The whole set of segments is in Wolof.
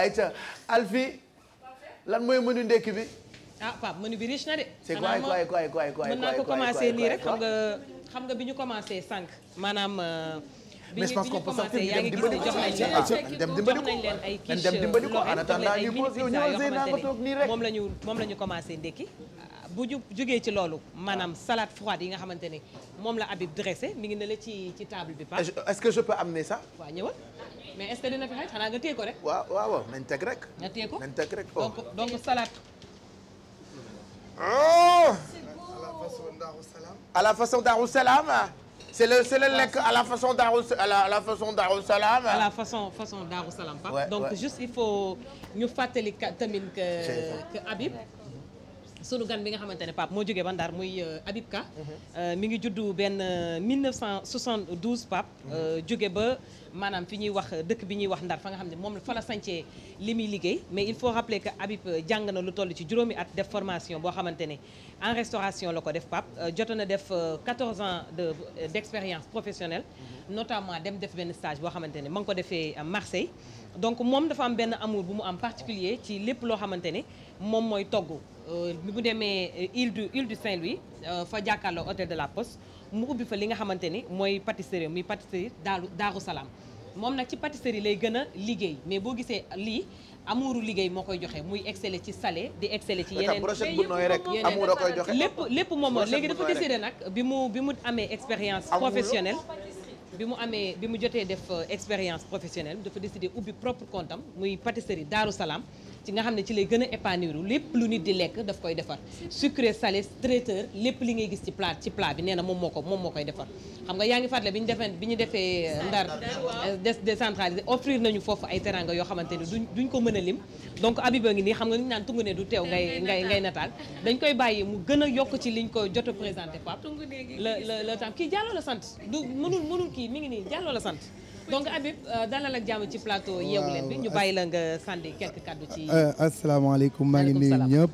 ayca Alfi lan mooy mënu ndekki bi. ah Pape mënu bi riche na de. c'est quoi quoi quoi quoi quoi mën naa ko commencer nii rek xam nga xam nga bi ñu commencer sànq. maanaam euh, bi ñu bi ñu commencer yaa ngi gis ne jox nañ leen jox nañ leen ay quiche loxo jox nañ ay mini pizza yoo xamante ne moom la ñu moom la commencer ndekki. bu ñu jógee ci loolu maanaam salade froide yi nga xamante ne moom la Habib dressé mi ngi ne la ci ci table bi pa est-ce que je peux amener ça waaw ñëwal mais est-ce que dina fi xaj xanaa nga téye ko rek waaw waaw waaw nañ teg rek nga téye ko nañ teg rek oh. donc donc salade oh à la façon Darussalam c'est le c'est le lekk à la façon Darussalam à la façon Darussalam à la façon façon Darussalam pa donc juste il faut ñu fàttali tamit que que Habib sunu gan bi nga xamante ne Pape moo jógee ba Ndar muy euh, Habib Ka mhm. euh, mi ngi juddu benn pap euh, Pape mhm. jóge ba maanaam fi ñuy wax dëkk bi ñuy wax Ndar fa nga xam ne moom la fa la sancee li muy liggéey mais il faut rappeler que Habib jàng na lu toll ci juróomi at def formation boo xamante ne en restauration la ko def Pape jotoon na def 14 ans de d' expérience professionnelle mhm. notamment dem def benn stage boo xamante ne ma ngi ko defee Marseille donc moom dafa am benn amour bu mu am particulier ci lépp loo xamante ni moom mooy togg euh, bi mu demee euh, île du île du Saint-Louis euh, fa jàkkaarloo hôtel de la Poste mu ubbi fa li nga xamante ni mooy pâtisserie muy pâtisserie daaru daaru salaam moom nag ci pâtisserie lay gën a liggéey mais boo gisee lii amuuru liggéey moo koy joxe muy exceller ci salé di exceller ci yeneen yeneen lépp lépp moom léegi dafa décidé nag bi mu bi mu amee expérience professionnelle bi mu amee bi mu jotee def euh, expérience professionnelle dafa décidé ubbi propre compte am muy pâtisserie Daaru Salaam ci nga xam ne ci lay gën a épanouir lépp lu nit di lekk daf koy defar sucré salé traiteur lépp li ngay gis ci plat ci plat bi nee na moom moo ko moom moo koy defar xam nga yaa ngi fàttale bi ñu defee bi ñu defee euh, ndar décentralisé offrir nañu foofu ay teranga yoo xamante ne duñ duñ ko mën a lim donc Abiba ngi nii xam nga ñu naan tungu ne du teew ngay ngay ngay nataal dañ koy bàyyi mu gën a yokk ci liñ ko jot a présenté Pape la la la tam kii jàlloo la sant du mënu mënul kii mi ngi nii jàlloo la sant donc Habib euh, dalal ak jàmm ci plateau yeewu bi ñu bàyyi la nga sànni quelques kàddu ci. Euh, asalaamaaleykum maa ngi nuyu ñëpp.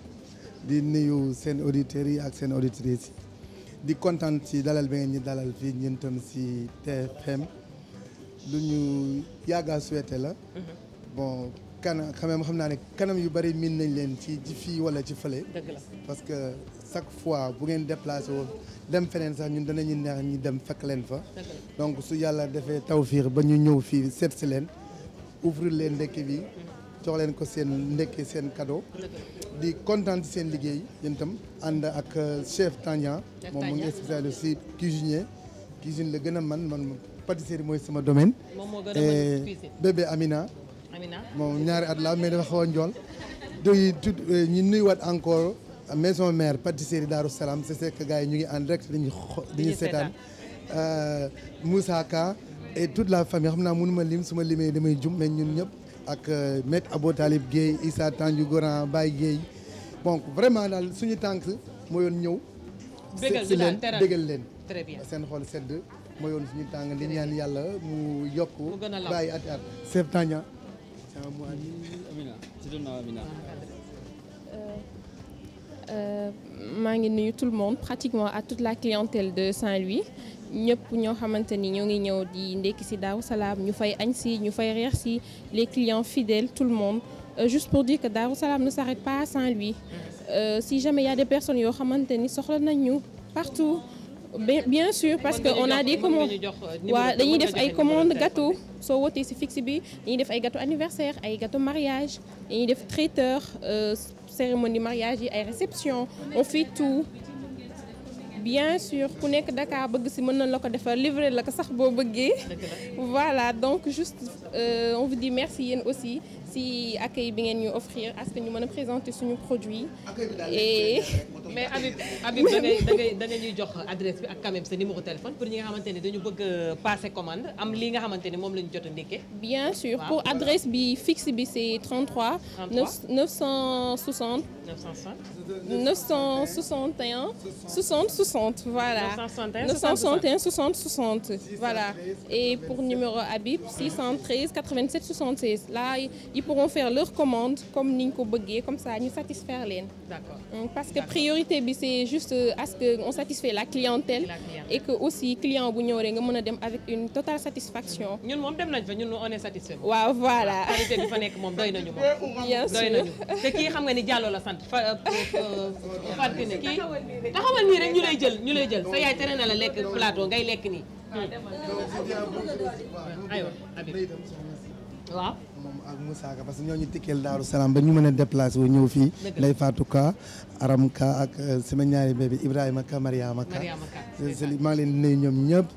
di nuyu seen auditeurs yi ak seen auditrices yi. di kontaan ci dalal bi ngeen ñu dalal fii ñun tam si TFM lu ñu yàgg a souhaité la. Mm-hmm. kan quand même xam naa ne kanam yu bëri miin nañ leen ci ci fii wala ci fële. parce que chaque fois bu ngeen déplacé woon dem feneen sax ñun danañu neex ñi dem fekk leen fa. donc su yàlla defee tawfiir ba ñu ñëw fii seet si leen ouvrir leen ndekki bi mm-hmm. jox leen ko seen ndekki seen cadeau. di kontaan seen liggéey yéen ànd ak euh, chef Tania. moom moo ngi spécialisé aussi cuisinier cuisine la gën a man man pâtisserie mooy sama domaine. moom moo bébé Amina. moom ñaari at la mais dafa xaw a njool doy tudd euh, ñu nuyuwaat encore maison mère pâtisserie Darou Salam c'est que yi ñu ngi en direct dañuy dañuy seetaan euh, Moussa Ka et toute la famille xam naa mënuma lim su ma limee damay jum mais ñun ñëpp ak euh, maître Abo Talib Guèye Issa Tandiou Goran Baye Guèye donc vraiment daal suñu tànk moo yoon ñëw si leen bégal leen seen xool sedd moo yoon suñu tànk li ñaan yàlla mu yokk bàyyi at at septania Euh, maa ngi nuyu tout le monde pratiquement à toute la clientèle de Saint-Louis ñëpp ñoo xamante ni ñoo ngi ñëw di ndekki si Daaru Salaam ñu fay añ si ñu fay reer si les clients fidèles tout le monde euh, juste pour dire que Daaru Salaam ne s'arrête pas à Saint-Louis euh, si jamais il des personnes yoo xamante ni soxla nañ partout bien sûr parce que on a des commandes waaw dañuy def ay commande gâteau soo wotee si fixe bi dañuy def ay gato anniversaire ay gâteau mariage dañuy def traiteur euh, cérémonie mariage yi ay réception on fait tout bien sûr ku nekk daka bëgg si mën nañ la ko defar livrer la ko sax boo bëggee voilà donc juste euh, on vous dit merci yéen aussi si accueil bi ngeen ñu offrir à que ñu mën a présenter suñu produit. et mais Habib Habib da ngay da ngay da nga ñuy jox adresse bi ak sa numéro téléphone pour ñi nga xamante ne dañu bëgg a passer commande am li nga xamante ne moom la jot a ndékkee. bien sûr pour adresse bi fixe bi c'est 33. 33 960. 960. 961 60 60 voilà 961 60 60 voilà et pour numéro Habib 613 87 76 là ils pourront faire leur commande comme ni ñu ko bëggee comme ça ñu satisfaire leen parce que priorité bi c'est juste euh, à ce que on satisfait la clientèle et que aussi client bu ñëw rek nga mën a dem avec une totale satisfaction ñun moom dem nañ fa ñun on est satisfait waaw voilà qualité bi fa nekk moom doy nañu moom doy nañu te kii xam nga ni Diallo la sant euh, fàtte ne kii taxawal nii rek ñu lay jël ñu lay jël sa yaay tere na la lekk plateau ngay lekk nii. parce que ñooñu ñu tikkeel Daaru ba ñu mën a déplacé wu ñëw fii. Ndeye Fatou Ka ak euh, sama ñaari bébé Ibrahima Ka Mariama Ka. di nuyu ñoom ñëpp.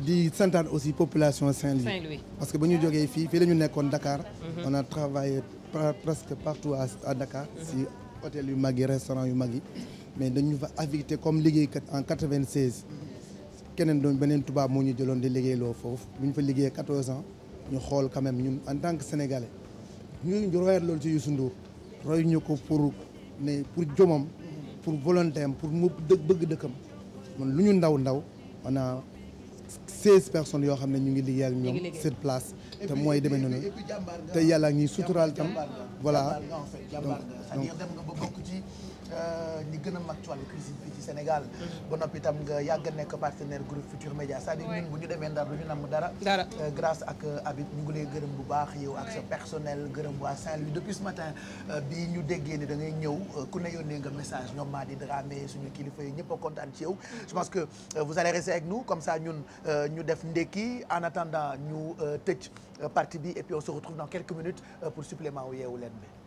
di santaan aussi population Saint-Louis. parce que ba ñu jógee fii fii la nekkoon Dakar. Mm-hmm. on a travaillé. presque partout à Dakar mhm. si hôtel yu mag yi restaurant yu mag yi mais dañu fa affecté comme liggéeykat en vingt 96 keneen doon beneen tubaab moo ñu jëloon di liggéeyloo foofu bu ñu fa liggéey 14 ans ñu xool quand même ñun en tant que sénégalais ñu royat loolu ci Youssou Ndour roy ñu ko pour mais pour jomam pour volonté pour mu dë bëgg dëkkam man lu ñu ndaw ndaw seize personnes yoo xam ne ñu ngi liggéeyal ñoom cette place te mooy demee noonu te yàlla ngi suturaal tam voilà donc donc Euh, ñi gën a mag ci wàllu cuisine ci Sénégal ba noppi itam nga yàgg nekk partenaire groupe Futur Média c'est-à-dire bu ñu demee ndar du ñu namm dara euh, grâce ak euh, Habib ñu ngi gërëm bu baax yow ak sa personnel gërëm waa Saint-Louis depuis matin bi ñu déggee ni da ngay ñëw ku ne yónnee nga message ñoom maa di dramé suñu kilifa yi ñëpp a kontaan ci yow mm. je pense que vous allez rester avec nous comme ça ñun ñu def ndekki en attendant ñu tëj partie bi et puis on se retrouve dans quelques pour supplément wu leen bi